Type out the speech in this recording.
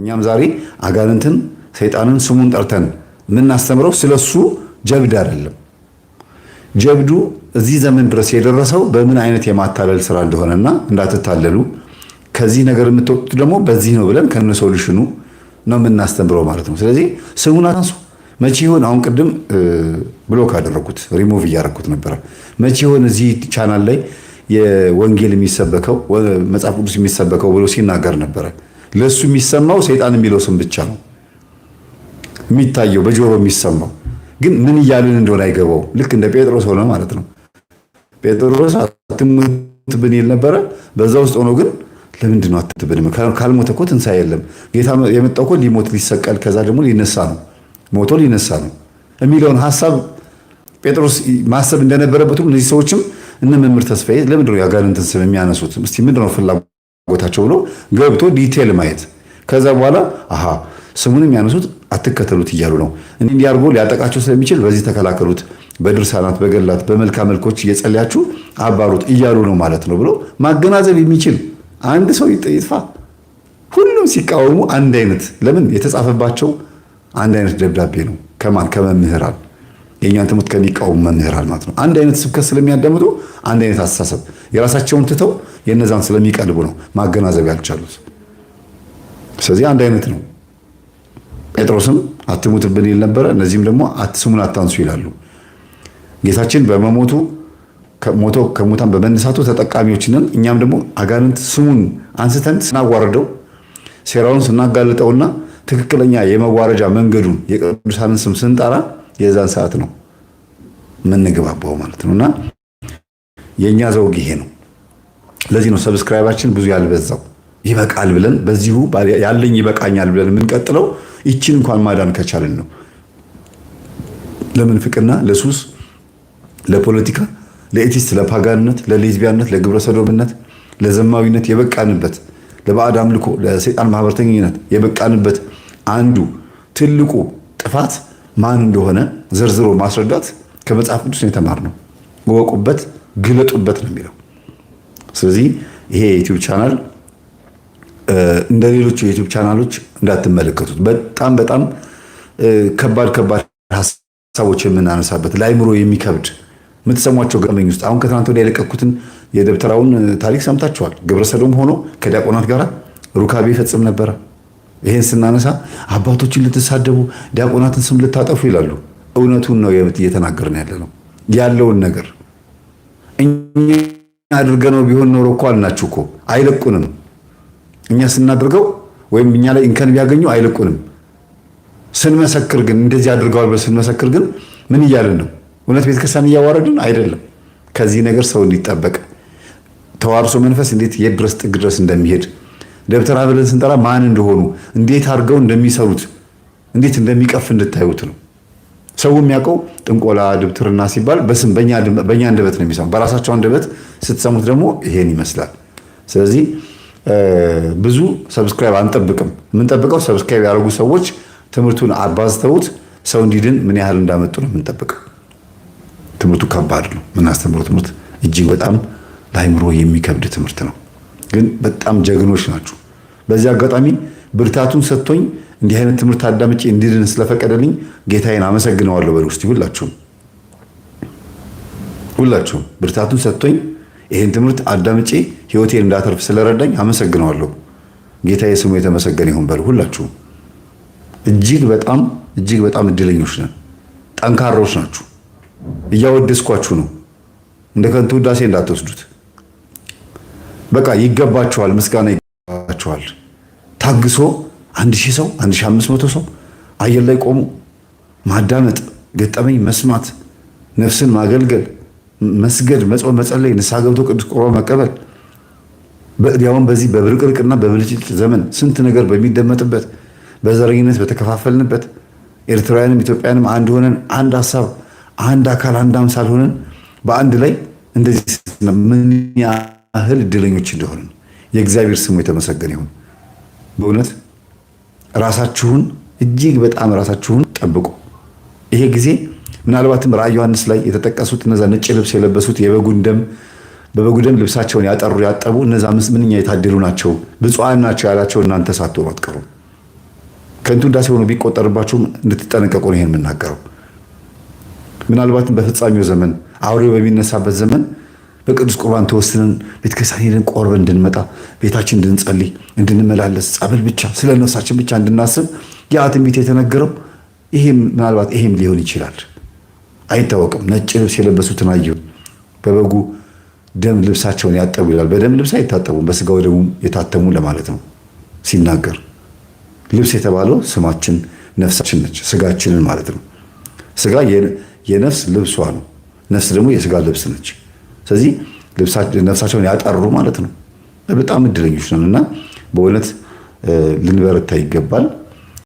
እኛም ዛሬ አጋንንትን ሰይጣንን ስሙን ጠርተን የምናስተምረው ስለሱ ጀብድ አይደለም። ጀብዱ እዚህ ዘመን ድረስ የደረሰው በምን አይነት የማታለል ስራ እንደሆነና እንዳትታለሉ ከዚህ ነገር የምትወጡት ደግሞ በዚህ ነው ብለን ከነ ሶሉሽኑ ነው የምናስተምረው ማለት ነው። ስለዚህ ስሙን አታንሱ። መቼ ይሆን አሁን ቅድም ብሎክ አደረኩት ሪሙቭ እያደረኩት ነበረ። መቼ ይሆን እዚህ ቻናል ላይ የወንጌል የሚሰበከው መጽሐፍ ቅዱስ የሚሰበከው ብሎ ሲናገር ነበረ። ለእሱ የሚሰማው ሰይጣን የሚለው ስም ብቻ ነው የሚታየው፣ በጆሮ የሚሰማው ግን ምን እያልን እንደሆነ አይገባው። ልክ እንደ ጴጥሮስ ሆነ ማለት ነው። ጴጥሮስ አትሙት ብን ይል ነበረ። በዛ ውስጥ ሆኖ ግን ለምንድን ነው አትብንም? ካልሞተ እኮ ትንሣኤ የለም። ጌታ የመጣው እኮ ሊሞት ሊሰቀል፣ ከዛ ደግሞ ሊነሳ ነው፣ ሞቶ ሊነሳ ነው የሚለውን ሀሳብ ጴጥሮስ ማሰብ እንደነበረበት እነዚህ ሰዎችም እነ መምህር ተስፋዬ ለምንድን ነው ስም የሚያነሱት? እስቲ ምንድን ነው ፍላጎት ቦታቸው ብሎ ገብቶ ዲቴል ማየት ከዛ በኋላ አሃ ስሙን የሚያነሱት አትከተሉት እያሉ ነው። እንዲህ አድርጎ ሊያጠቃቸው ስለሚችል በዚህ ተከላከሉት፣ በድርሳናት በገላት በመልካ መልኮች እየጸለያችሁ አባሩት እያሉ ነው ማለት ነው ብሎ ማገናዘብ የሚችል አንድ ሰው ይጥፋ። ሁሉም ሲቃወሙ አንድ አይነት ለምን የተጻፈባቸው አንድ አይነት ደብዳቤ ነው። ከማን ከመምህራን የእኛን ትምህርት ከሚቃወሙ መምህራን ማለት ነው። አንድ አይነት ስብከት ስለሚያዳምጡ አንድ አይነት አስተሳሰብ የራሳቸውን ትተው የነዛን ስለሚቀልቡ ነው ማገናዘብ ያልቻሉት። ስለዚህ አንድ አይነት ነው። ጴጥሮስም አትሙትብን ይል ነበረ። እነዚህም ደግሞ ስሙን አታንሱ ይላሉ። ጌታችን በመሞቱ ሞቶ ከሙታን በመነሳቱ ተጠቃሚዎች ነን። እኛም ደግሞ አጋንንት ስሙን አንስተን ስናዋርደው ሴራውን ስናጋልጠውና ትክክለኛ የመዋረጃ መንገዱን የቅዱሳንን ስም ስንጠራ የዛን ሰዓት ነው ምንግባባው ማለት ነውና የእኛ ዘውግ ይሄ ነው። ለዚህ ነው ሰብስክራይባችን ብዙ ያልበዛው ይበቃል ብለን በዚሁ ያለኝ ይበቃኛል ብለን የምንቀጥለው ይችን እንኳን ማዳን ከቻልን ነው። ለምንፍቅና፣ ለሱስ፣ ለፖለቲካ፣ ለኤቲስት፣ ለፓጋንነት፣ ለሌዝቢያነት፣ ለግብረሰዶምነት፣ ለዘማዊነት የበቃንበት ለባዕድ አምልኮ፣ ለሰይጣን ማህበርተኝነት የበቃንበት አንዱ ትልቁ ጥፋት ማን እንደሆነ ዘርዝሮ ማስረዳት ከመጽሐፍ ቅዱስ ነው የተማርነው። ወቁበት ግለጡበት ነው የሚለው። ስለዚህ ይሄ የዩቲዩብ ቻናል እንደ ሌሎቹ የዩቲዩብ ቻናሎች እንዳትመለከቱት። በጣም በጣም ከባድ ከባድ ሀሳቦች የምናነሳበት ለአይምሮ የሚከብድ የምትሰሟቸው ገጠመኝ ውስጥ አሁን ከትናንት ወዲያ የለቀኩትን የደብተራውን ታሪክ ሰምታችኋል። ግብረሰዶም ሆኖ ከዲያቆናት ጋር ሩካቤ ይፈጽም ነበረ። ይህን ስናነሳ አባቶችን ልትሳደቡ ዲያቆናትን ስም ልታጠፉ ይላሉ። እውነቱን ነው እየተናገርን ያለ ነው ያለውን ነገር እኛ አድርገነው ቢሆን ኖሮ እኮ አልናችሁ እኮ አይለቁንም። እኛ ስናደርገው ወይም እኛ ላይ እንከን ቢያገኙ አይለቁንም። ስንመሰክር ግን እንደዚህ አድርገዋል ብለን ስንመሰክር ግን ምን እያልን ነው? እውነት ቤተክርስቲያን እያዋረድን አይደለም። ከዚህ ነገር ሰው እንዲጠበቅ ተዋርሶ መንፈስ እንዴት የት ድረስ ጥግ ድረስ እንደሚሄድ ደብተራ ብለን ስንጠራ ማን እንደሆኑ እንዴት አድርገው እንደሚሰሩት እንዴት እንደሚቀፍ እንድታዩት ነው። ሰው የሚያውቀው ጥንቆላ፣ ድብትርና ሲባል በስም በእኛ አንደበት ነው የሚሰማው። በራሳቸው አንደበት ስትሰሙት ደግሞ ይሄን ይመስላል። ስለዚህ ብዙ ሰብስክራይብ አንጠብቅም። የምንጠብቀው ሰብስክራይብ ያደረጉ ሰዎች ትምህርቱን አባዝተውት ሰው እንዲድን ምን ያህል እንዳመጡ ነው የምንጠብቀው። ትምህርቱ ከባድ ነው። የምናስተምረው ትምህርት እጅግ በጣም ለአይምሮ የሚከብድ ትምህርት ነው። ግን በጣም ጀግኖች ናቸው። በዚህ አጋጣሚ ብርታቱን ሰጥቶኝ እንዲህ አይነት ትምህርት አዳምጬ እንዲድን ስለፈቀደልኝ ጌታዬን አመሰግነዋለሁ። በሉ እስቲ ሁላችሁም ሁላችሁም ብርታቱን ሰጥቶኝ ይህን ትምህርት አዳምጬ ህይወቴን እንዳተርፍ ስለረዳኝ አመሰግነዋለሁ። ጌታዬ ስሙ የተመሰገነ ይሁን። በሉ ሁላችሁም እጅግ በጣም እጅግ በጣም እድለኞች ነን። ጠንካራዎች ናችሁ። እያወደስኳችሁ ነው። እንደ ከንቱ ውዳሴ እንዳትወስዱት። በቃ ይገባችኋል፣ ምስጋና ይገባችኋል። ታግሶ አንድ ሺህ ሰው አንድ ሺህ አምስት መቶ ሰው አየር ላይ ቆሞ ማዳመጥ፣ ገጠመኝ መስማት፣ ነፍስን ማገልገል፣ መስገድ፣ መጾም፣ መጸለይ፣ ንስሐ ገብቶ ቅዱስ ቁርባን መቀበል ያውን በዚህ በብርቅርቅና በብልጭልጭ ዘመን ስንት ነገር በሚደመጥበት በዘረኝነት በተከፋፈልንበት ኤርትራውያንም ኢትዮጵያንም አንድ ሆነን አንድ ሀሳብ አንድ አካል አንድ አምሳል ሆነን በአንድ ላይ እንደዚህ ምን ያህል እድለኞች እንደሆንን የእግዚአብሔር ስሙ የተመሰገነ ይሁን። በእውነት ራሳችሁን እጅግ በጣም ራሳችሁን ጠብቁ። ይሄ ጊዜ ምናልባትም ራዕይ ዮሐንስ ላይ የተጠቀሱት እነዛ ነጭ ልብስ የለበሱት የበጉን ደም በበጉ ደም ልብሳቸውን ያጠሩ ያጠቡ እነዛ ምንኛ የታደሉ ናቸው ብፁዓን ናቸው ያላቸው እናንተ ሳትሆኑ አትቀሩም። ከንቱ እንዳሴ ሆኖ ቢቆጠርባችሁም እንድትጠነቀቁ ነው ይሄን የምናገረው። ምናልባትም በፍጻሜው ዘመን አውሬው በሚነሳበት ዘመን በቅዱስ ቁርባን ተወስነን ቤተክርስቲያን ሄደን ቆርበን እንድንመጣ ቤታችን እንድንጸልይ እንድንመላለስ ጸበል ብቻ ስለ ነፍሳችን ብቻ እንድናስብ ያ ትንቢት የተነገረው ይህም ምናልባት ይሄም ሊሆን ይችላል። አይታወቅም። ነጭ ልብስ የለበሱትን አየሁ፣ በበጉ ደም ልብሳቸውን ያጠቡ ይላል። በደም ልብስ አይታጠቡም፣ በስጋው ደሙ የታተሙ ለማለት ነው ሲናገር። ልብስ የተባለው ስማችን ነፍሳችን ነች፣ ስጋችንን ማለት ነው። ስጋ የነፍስ ልብሷ ነው፣ ነፍስ ደግሞ የስጋ ልብስ ነች። ስለዚህ ነፍሳቸውን ያጠሩ ማለት ነው። በጣም እድለኞች ነን እና በእውነት ልንበረታ ይገባል።